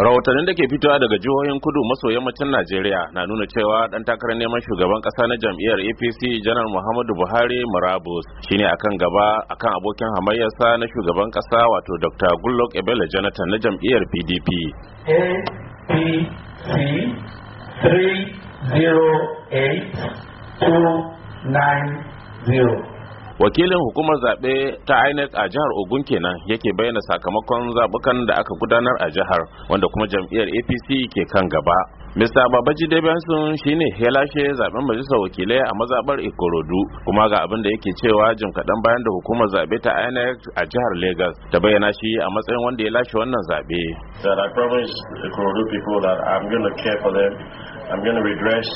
rahotannin da ke fitowa daga jihohin kudu maso yammacin najeriya na nuna cewa dan takarar neman shugaban kasa na jam'iyyar apc janar muhammadu buhari marabus shine akan gaba akan abokin hamayyarsa na shugaban kasa wato dr goodluck ebele jonathan na jam'iyyar pdp apc wakilin hukumar zaɓe ta inec a jihar ogun kenan yake bayyana sakamakon zabukan da aka gudanar a jihar wanda kuma jam'iyyar apc ke kan gaba mr Babaji Debenson shine ya lashe zaben majalisar wakilai a mazabar ikorodu kuma ga abin da yake cewa jim kaɗan bayan da hukumar zabe ta inec a jihar lagos ta bayyana shi a matsayin wanda ya lashe wannan zaɓe i promise ikorodu people that i'm going to care for them i'm going to redress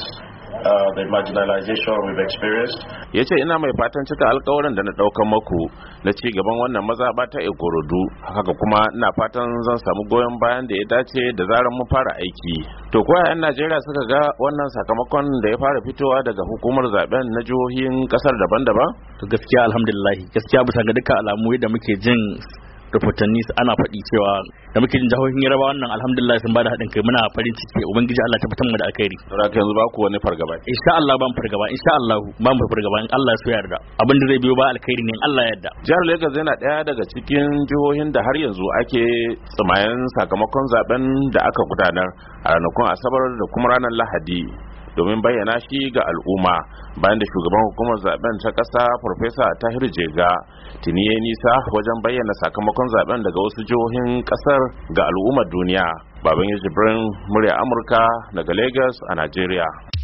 Uh, the marginalization we've experienced. Ya ina mai fatan cika alkawarin da na ɗauka maku na ci gaban wannan mazaba ta Ikorodu, haka kuma ina fatan zan samu goyon bayan da ya dace da zarar mun fara aiki. To ko yayan Najeriya suka ga wannan sakamakon da ya fara fitowa daga hukumar zaben na jihohin kasar daban-daban? To gaskiya alhamdulillah gaskiya bisa ga duka alamu da muke jin rahotanni ana faɗi cewa da muke jin jihohin yarbawa wannan alhamdulillah sun bada haɗin kai muna farin ciki ubangiji Allah ta fitan mu da alkhairi to ka yanzu ba ku wani fargaba insha Allah ba mu fargaba insha Allah ba mu fargaba in Allah ya yarda abin da zai biyo ba alkhairi ne in Allah ya yarda jihar Lagos yana ɗaya daga cikin jihohin da har yanzu ake tsamayen sakamakon zaben da aka gudanar a ranakun Asabar da kuma ranar Lahadi domin bayyana shi ga al'umma bayan da shugaban hukumar zaben ta ƙasa farfesa tahir jega tuni ya nisa wajen bayyana sakamakon zaben daga wasu jihohin ƙasar ga al'ummar duniya baban yajibirin murya amurka daga lagos a nigeria